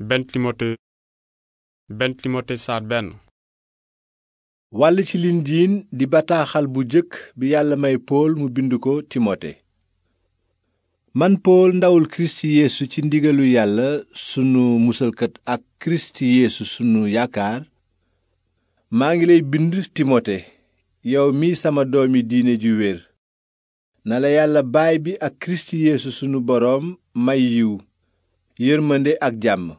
benn timote benn timote saar wàll ci lindiin di bataaxal bu jëkk bi yàlla may pool mu bind ko timote man pool ndawul kirist yeesu ci ndigalu yàlla sunu musalkat ak kirist yeesu sunu yaakaar maa ngi lay bind timote yow mi sama doomi diine ju wér na la yàlla baay bi ak kirist yeesu sunu boroom may yiw yërmande ak jàmm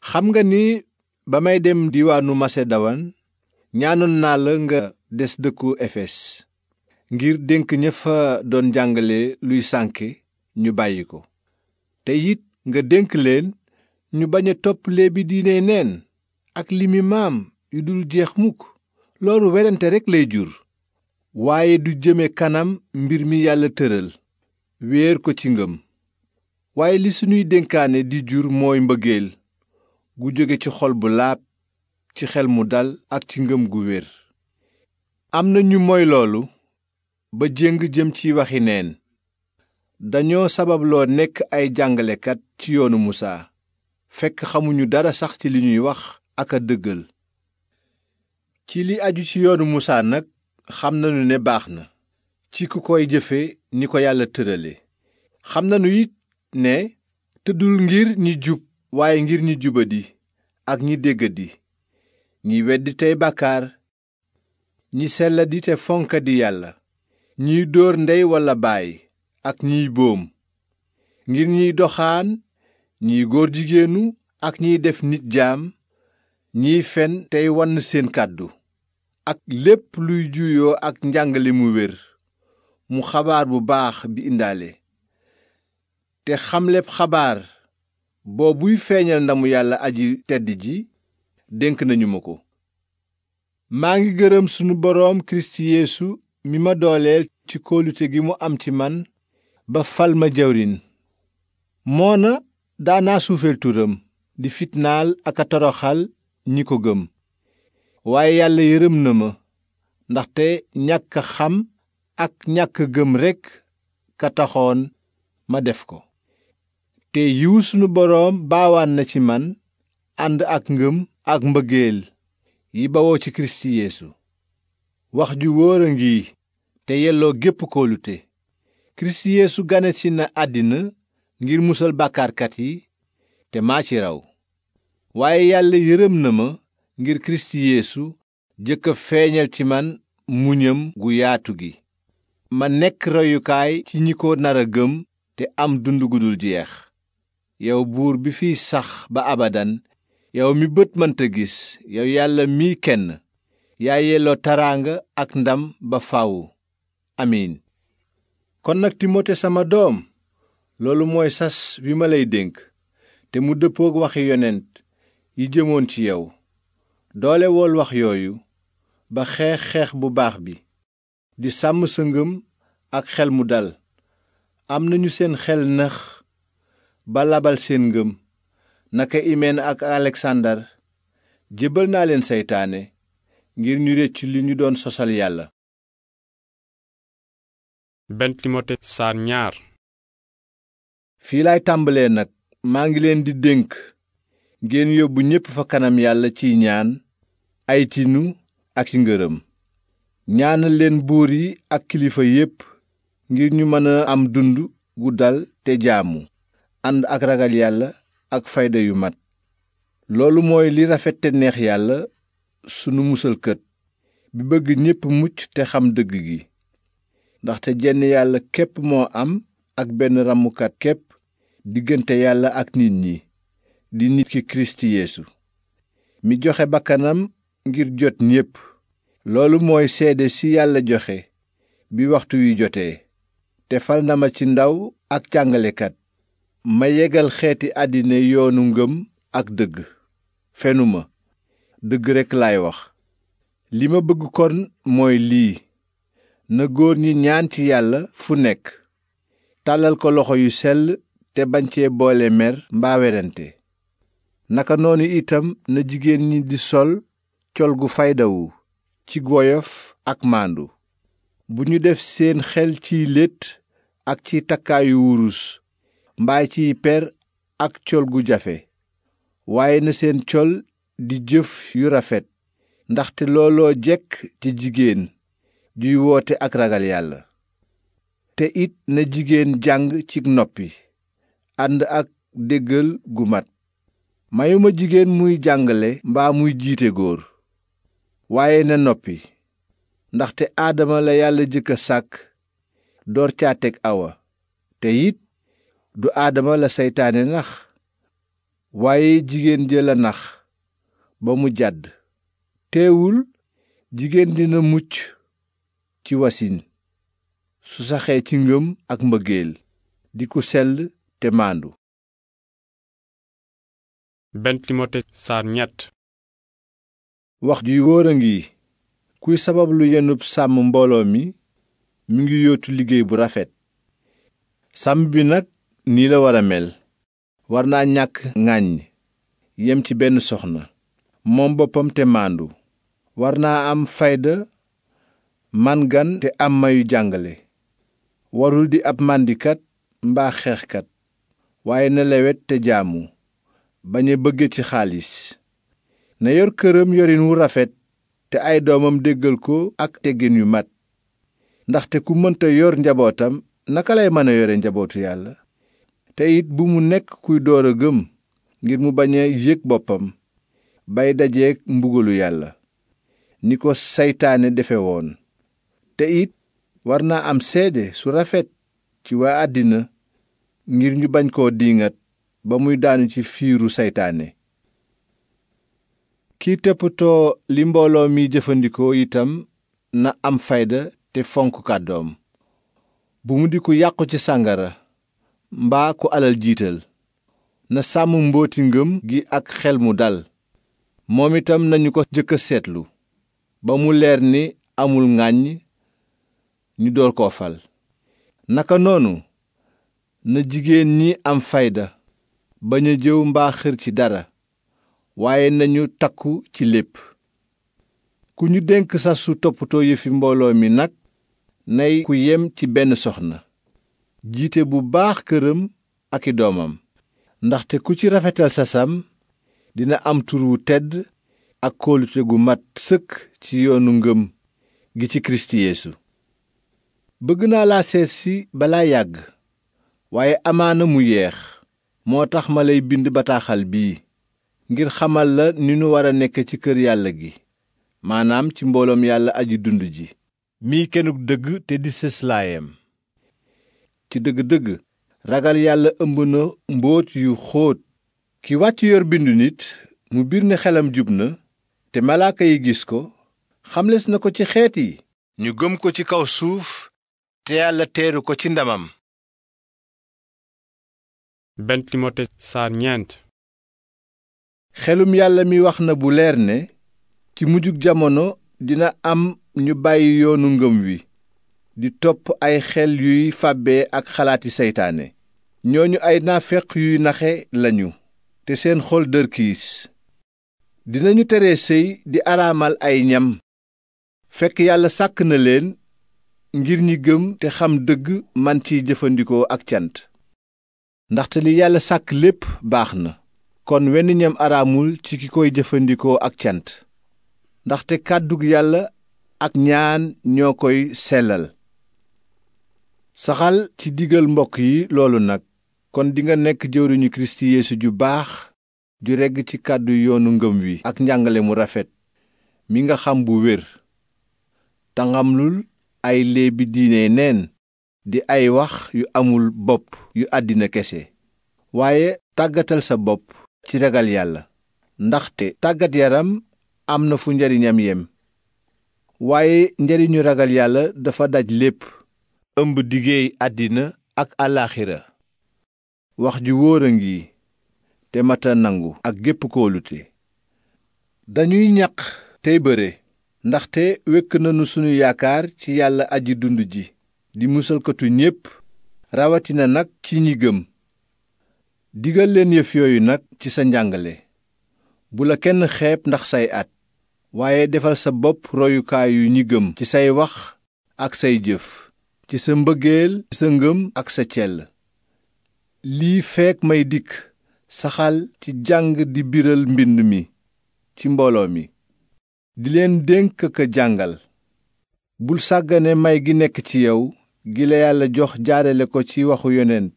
xam nga ni ba may dem diwaanu maseduwaan ñaanoon naa la nga des dëkku efes ngir dénk ña fa doon jàngale luy sànke ñu bàyyi ko te it nga dénk leen ñu bañ a topp léebi diine neen ak limi maam yu dul jeex mukk loolu werante rekk lay jur waaye du jëme kanam mbir mi yàlla tëral wéer ko ci ngëm waaye li sunuy dénkaane di jur mooy mbëggeel gu jóge ci xol bu laab ci xel mu dal ak ci ngëm gu wér am na ñu mooy loolu ba jéng jëm ci waxi neen dañoo sababloo nekk ay jàngalekat ci yoonu musaa fekk xamuñu dara sax ci li ñuy wax ak a dëggal ci li aju ci yoonu musaa nag xam nañu ne baax na ci ku koy jëfe ni ko yàlla tërale xam nañu it ne tëddul ngir ñi jub waaye ngir ñi jubadi ak ñi déggadi ñi weddi tey bàkkaar ñi selladi te fonkadi yàlla ñiy dóor ndey walla baay ak ñiy boom ngir ñiy doxaan ñiy góor jigéenu ak ñiy def nit jaam ñiy fen tey wann seen kàddu ak lépp luy juyoo ak njàngale mu wér mu xabaar bu baax bi indaale te xamleb xabaar boo buy feeñal ndamu yàlla aji tedd ji dénk nañu ma ko maa ngi gërëm sunu boroom kirist yeesu mi ma dooleel ci kóolute gi mu am ci man ba fal ma jawrin moona daanaa suufeel turam di fitnaal ak a toroxal ñi ko gëm waaye yàlla yërëm na ma ndaxte ñàkk xam ak ñàkk gëm rekk ka taxoon ma def ko te yiw sunu boroom baawaan na ci man ànd ak ngëm ak mbëggeel yi bawoo ci kirist yeesu wax ju wóor a ngi te yelloo gépp kóolute kirist gane ganesi na àddina ngir musal bàkkaarkat yi te maa ci raw waaye yàlla yërëm na ma ngir kirist yeesu jëkk feeñal ci man mu muñam gu yaatu gi ma nekk royukaay ci ñi ko nar a gëm te am dund gu dul jeex yow buur bi fiy sax ba abadan yow mi bët mënta gis yow yàlla mii kenn yaa yelloo taraanga ak ndam ba faw amiin kon nag timote sama doom loolu mooy sas wi ma lay dénk te mu dëppook waxi yonent yi jëmoon ci yow doole wool wax yooyu ba xeex xeex bu baax bi di sàmm sëngam ak xel mu dal am nañu seen xel nax ba labal seen ngëm naka imeen ak aleksandar jébbal naa leen seytaane ngir ñu rëcc li ñu doon sosal yàlla benn timote saar fii laay tàmbalee nag maa ngi leen di dénk ngeen yóbbu ñépp fa kanam yàlla ciy ñaan aytinu tinu ak i ngërëm ñaanal leen buur yi ak kilifa yépp ngir ñu mën a am dund gu dal te jaamu ànd ak yàlla ak fayda yu mat loolu mooy li rafet te neex yàlla sunu musalkat bi bëgg ñépp mucc te xam dëgg gi ndaxte jenn yàlla képp moo am ak benn ramukat képp diggante yàlla ak nit ñi di nit ki kirist yeesu mi joxe bakkanam ngir jot ñépp loolu mooy seede ci yàlla joxe bi waxtu wi jotee te fal na ma ci ndaw ak jàngalekat ma yegal xeeti àddina yoonu ngëm ak dëgg fenuma dëgg rekk laay wax li ma bëgg kon mooy lii na góor ñi ñaan ci yàlla fu nekk tàllal ko loxo yu sell te bañ cee boole mer mbaa werante naka noonu itam na jigéen ñi di sol col gu faydawu ci goyof ak màndu bu ñu def seen xel ciy létt ak ci takkaayu wurus mbaa ci per ak col gu jafe waaye na seen col di jëf yu rafet ndaxte looloo jekk ci jigéen juy woote ak ragal yàlla te it na jigéen jàng ci noppi ànd ak déggal gu mat mayuma jigéen muy jàngale mbaa muy jiite góor waaye na noppi ndaxte aadama la yàlla jëkk a sàkk door caa teg awa te it du aadama la seytaane nax waaye jigéen ja la nax ba mu jàdd teewul jigéen dina mucc ci wasin su saxee ci ngëm ak mbëggeel di ku sell te maandu benn wax ju wóor a ngi kuy sabablu lu yenub sàmm mbooloo mi mu ngi yootu liggéey bu rafet sàmm bi nag nii la war a mel war naa ñàkk ŋàññ yem ci benn soxna moom boppam te maandu war naa am fayda man gan te am mayu jàngale warul di ab màndikat mbaa xeexkat waaye na lewet te jaamu bañ a bëgge ci xaalis na yor këram yorin wu rafet te ay doomam déggal ko ak teggin yu mat ndaxte ku mënta yor njabootam naka lay mën a yore njabootu yàlla te it bu mu nekk kuy door a gëm ngir mu bañ yëg boppam bay dajeeg mbugalu yàlla ni ko seytaane defe woon te it war naa am seede su rafet ci waa àddina ngir ñu bañ koo diingat ba muy daanu ci fiiru seytaane kiy toppatoo li mbooloo mi jëfandikoo itam na am fayda te fonk kàddoom bu mu di ko yàqu ci sàngara mbaa ku alal jiital na sàmm mbooti ngëm gi ak xel mu dal moom itam nañu ko jëkk a seetlu ba mu leer ni amul ŋàññ ñu door koo fal naka noonu na jigéen ñi am fayda bañ a jëw mbaa xër ci dara waaye nañu takku ci lépp ku ñu dénk sasu toppatoo yëfi mbooloo mi nag nay ku yem ci benn soxna jiite bu baax këram ak i doomam ndaxte ku ci rafetal sasam dina am tur wu tedd ak kóolute gu mat sëkk ci yoonu ngëm gi ci kirist yeesu bëgg naa laa seet si bala yàgg waaye amaana mu yeex moo tax ma lay bind bataaxal bii ngir xamal la ni nu war a nekk ci kër yàlla gi maanaam ci mbooloom yàlla aji dund ji mii kenuk dëgg te di sëslaayam ci dëgg-dëgg ragal yàlla ëmb na mbóot yu xóot ki wàcc yor bindu nit mu biir ne xelam jub na te malaaka yi gis ko xamles na ko ci xeet yi ñu gëm ko ci kaw suuf te yàlla teeru ko ci ndamam benn timote saar ñeent yàlla mi wax na bu leer ne ci mujjug jamono dina am ñu bàyyi yoonu ngëm wi di topp ay xel yuy fàbbe ak xalaati seytaane ñooñu ay naafeq yuy naxe lañu te seen xol dërkiis dinañu tere sëy di araamal ay ñam fekk yàlla sàkk na leen ngir ñi gëm te xam dëgg man ciy jëfandikoo ak cant ndaxte li yàlla sàkk lépp baax na kon wenn ñam araamul ci ki koy jëfandikoo ak cant ndaxte kàddug yàlla ak ñaan ñoo koy sellal saxal ci digal mbokk yi loolu nag kon dinga nekk jëwriñu kirist yeesu ju baax ju regg ci kàddu yoonu ngëm wi ak njàngale mu rafet mi nga xam bu wér tangamlul ay léebi diine neen di ay wax yu amul bopp yu àddina kese waaye tàggatal sa bopp ci ragal yàlla ndaxte tàggat yaram am na fu njariñam yem waaye njariñu ragal yàlla dafa daj lépp ëmb diggéey àddina ak alaaxira wax ju wóor a ngi te mata nangu ak gépp kóolute dañuy ñaq tey bëre ndaxte wekk nanu sunu yaakaar ci yàlla aji dund ji di musalkatu ñépp rawatina nag ci ñi gëm digal leen yëf yooyu nag ci sa njàngale bu la kenn xeeb ndax say at waaye defal sa bopp royukaay yu ñi gëm ci say wax ak say jëf ci sa mbëggeel sa ngëm ak sa cell lii feek may dikk saxal ci jàng di biral mbind mi ci mbooloo mi di leen dénk ka jàngal bul sàggane may gi nekk ci yow gi la yàlla jox jaarale ko ci waxu yonent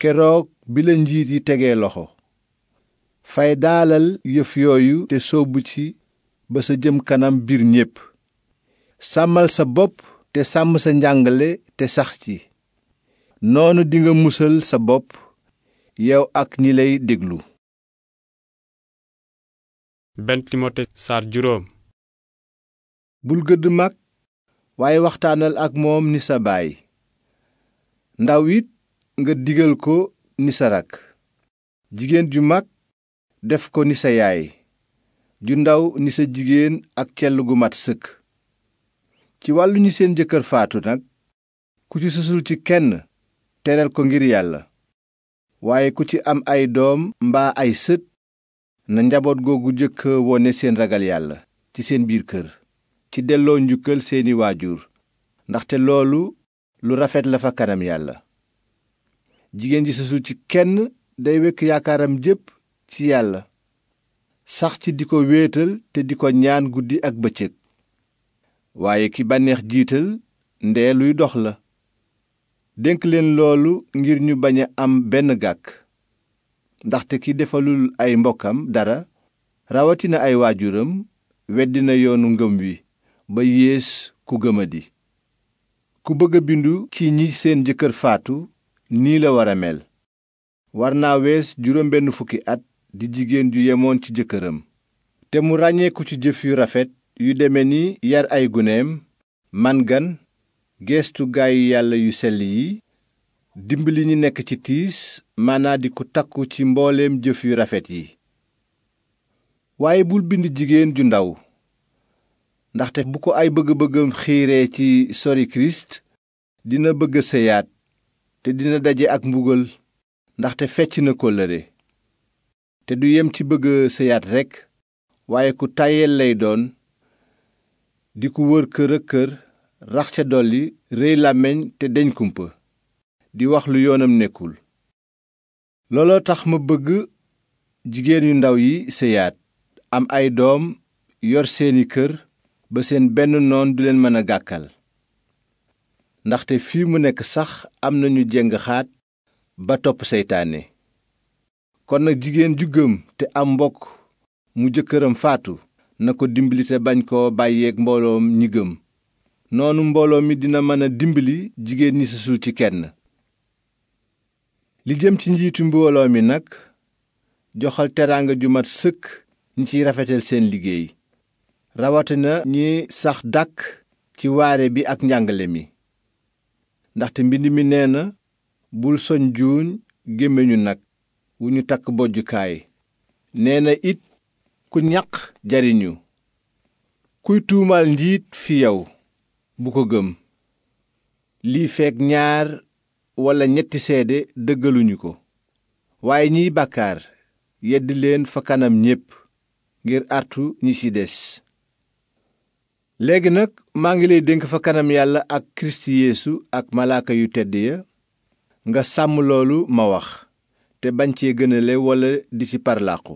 keroog bi la njiit yi tegee loxo fay daalal yëf yooyu te sóobu ci ba sa jëm kanam biir ñépp sàmmal sa bopp te sàmm sa njàngale te sax ci noonu dinga musal sa bopp yow ak ñi lay déglu benn timote saar juróom bul gëdd mag waaye waxtaanal ak moom ni sa baay ndaw it nga digal ko ni sa rak jigéen ju mag def ko ni sa yaay ju ndaw ni sa jigéen ak cell gu mat sëkk ci wàllu ñu seen jëkkër faatu nag ku ci susul ci kenn teral ko ngir yàlla waaye ku ci am ay doom mbaa ay sët na njaboot googu jëkk wone seen ragal yàlla ci seen biir kër ci delloo njukkal seeni waajur ndaxte loolu lu rafet la fa kanam yàlla jigéen ci susul ci kenn day wekk yaakaaram jépp ci yàlla sax ci di ko wéetal te di ko ñaan guddi ak bëccëg waaye ki bànneex jiital ndee luy dox la dénk leen loolu ngir ñu bañ a am benn gàkk ndaxte ki defalul ay mbokkam dara rawatina ay waajuram weddina yoonu ngëm wi ba yées ku gëmadi ku bëgg a bindu ci ñi seen jëkkër faatu nii la war a mel war naa wees juróom benn fukki at di jigéen ju yemoon ci jëkkëram te mu ràññeeku ci jëf yu rafet yu deme ni yar ay guneem mangan geestu gaayu yàlla yu sell yi dimbali ñi nekk ci tiis manaa di ku takku ci mbooleem jëf yu rafet yi waaye bul bind jigéen ju ndaw ndaxte bu ko ay bëgg-bëggam xiiree ci sori kirist dina bëgg sëyaat te dina daje ak mbugal ndaxte fecc na kóllëre te du yem ci bëgg sëyaat rekk waaye ku tayel lay doon di ku wër kër ak kër rax ca dolli réy làmmiñ te deñ kumpa di wax lu yoonam nekkul looloo tax ma bëgg jigéen yu ndaw yi sëyaat am ay doom yor seeni kër ba seen benn noon du leen mën a gàkkal ndaxte fii mu nekk sax am nañu jeng xaat ba topp seytaane kon nag jigéen ju gëm te am mbokk mu jëkkëram faatu na ko dimbali te bañ koo bàyyeeg mbooloom ñi gëm noonu mbooloo mi dina mën a dimbali jigéen ñi susul ci kenn li jëm ci njiitu mbooloo mi nag joxal teraanga ju mat sëkk ñi ciy rafetal seen liggéey na ñi sax dàkk ci waare bi ak njàngale mi ndaxte mbind mi nee na bul soñ juuñ gémmiñu nag wu ñu takk bojjukaay nee na it ku ñaq jariñu kuy tuumaal njiit fi yow bu ko gëm lii feek ñaar walla ñetti seede dëggaluñu ko waaye ñiy bàkkaar yeddi leen fa kanam ñépp ngir artu ñi ci des léegi nag maa ngi lay dénk fa kanam yàlla ak kirist yeesu ak malaaka yu tedd ya nga sàmm loolu ma wax te bañ cee gënale walla di ci parlaqu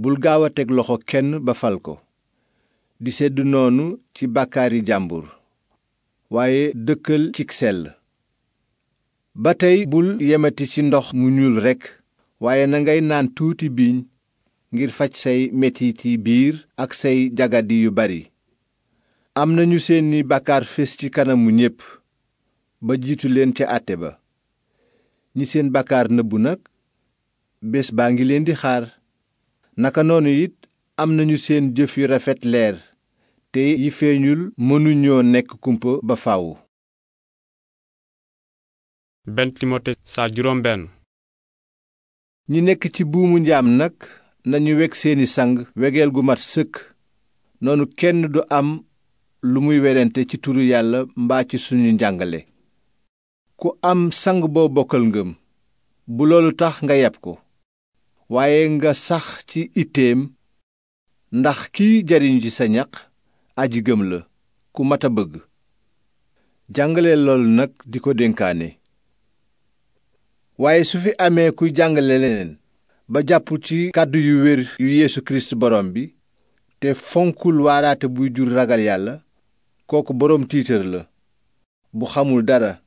bul gaaw a teg loxo kenn ba fal ko di sedd noonu ci bàkkaari jàmbur waaye dëkkal cig sell ba tey bul yemati ci ndox mu ñuul rekk waaye nangay naan tuuti biiñ ngir faj say metiti biir ak say jagadi yu bari am nañu seeni bàkkaar fés ci kanamu ñépp ba jiitu leen ca àtte ba ñi seen bàkkaar nëbbu nag bés baa ngi leen di xaar naka noonu it am nañu seen jëf yu rafet leer te yi feeñul nekk kumpa ba faaw. benn timote saa juróom ñi nekk ci buumu njaam nag nañu weg seeni sang wegeel gu mat sëkk noonu kenn du am lu muy werante ci turu yàlla mbaa ci suñu njàngale ku am sang boo bokkal ngëm bu loolu tax nga yab ko waaye nga sax ci itteem ndax kiy jariñ ci sa ñax aji gëm la ku mat a bëgg jàngale lool nag di ko dénkaane waaye su fi amee kuy jàngale leneen ba jàpp ci kàddu yu wér yu Yeesu Kirist borom bi te fonkul waaraate buy jur ragal yàlla kooku boroom tiitar la bu xamul dara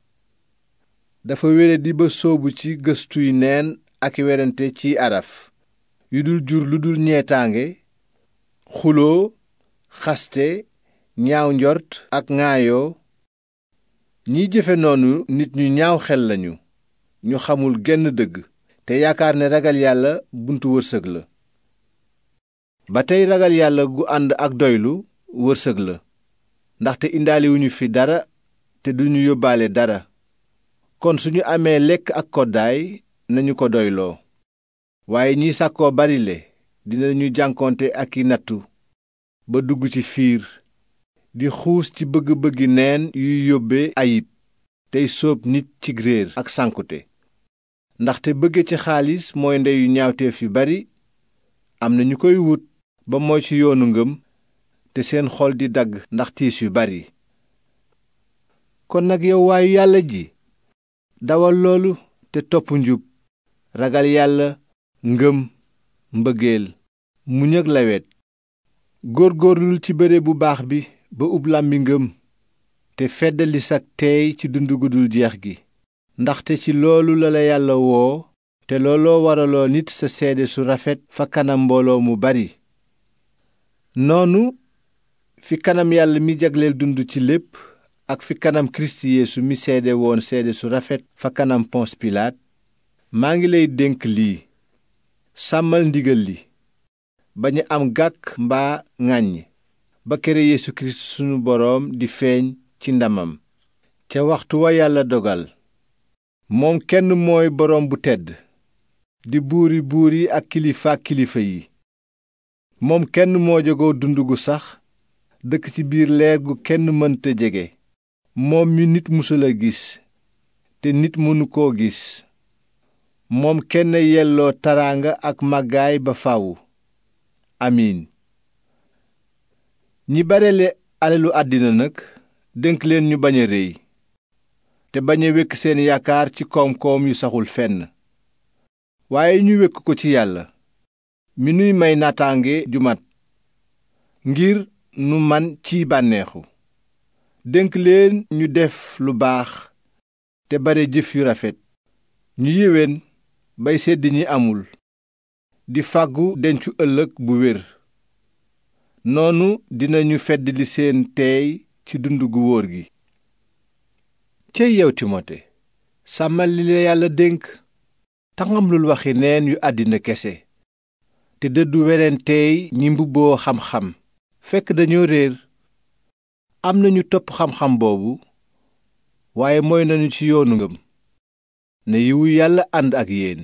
dafa wére di ba sóobu ci gëstuy neen ak werante ci araf yu dul jur lu dul ñeetaange xuloo xaste ñaaw njort ak ŋaayoo ñiy jëfe noonu nit ñu ñaaw xel lañu ñu xamul genn dëgg te yaakaar ne ragal yàlla buntu wërsëg la ba tey ragal yàlla gu ànd ak doylu wërsëg la ndaxte indaaliwuñu fi dara te du ñu yóbbaale dara kon suñu amee lekk ak koddaay nañu ko doyloo waaye ñi sàkkoo barile dinañu jànkonte ak i nattu ba dugg ci fiir di xuus ci bëgg-bëggi neen yuy yóbbe ayib tey sóob nit ci réer ak sànkute ndaxte bëgge ci xaalis mooy ndeyu ñaawteef yu bari am na ñu koy wut ba mooy ci yoonu ngëm te seen xol di dagg ndax tiis yu bari kon nag yow waayu yàlla ji dawal loolu te topp njub ragal yàlla ngëm mbëggeel mu ak lawet góorgóorlul ci bëre bu baax bi ba ub làmbi ngëm te feddali sag teey ci dund gu jeex gi ndaxte ci loolu la la yàlla woo te looloo waraloo nit sa seede su rafet fa kanam mbooloo mu bari noonu fi kanam yàlla mi jagleel dund ci lépp ak fi kanam kirist yeesu mi seede woon seede su rafet fa kanam pons pilaat maa ngi lay dénk lii sàmmal ndigal li bañ a am gàkk mbaa ŋàññ ba kere Yeesu Kirist sunu boroom di feeñ ci ndamam ca waxtu wa yàlla dogal moom kenn mooy boroom bu tedd di buuri buur yi ak kilifa kilifa yi moom kenn moo jogoo dund gu sax dëkk ci biir leer gu kenn mënta jege moom mi nit musula gis te nit mënu koo gis moom kenn yelloo taraanga ak màggaay ba faw amiin ñi barele alalu àddina nag dénk leen ñu bañ a réy te bañ a wekk seen yaakaar ci koom-koom yu saxul fenn waaye ñu wekk ko ci yàlla mi nuy may naataange ju mat ngir nu man ci bànneexu dénk leen ñu def lu baax te bare jëf yu rafet ñu yéwén bay sedd ñi amul di fàggu dencu ëllëg bu wér noonu dinañu fedd li seen teey ci dund gu wóor gi cey yow timote sàmmal yàlla dénk tangamlul waxi neen yu àddina kese te dëddu werenteey ñi mbubboo xam-xam fekk dañoo réer am nañu topp xam-xam boobu waaye mooy nañu ci yoonu ngëm na yiwu yàlla ànd ak yéen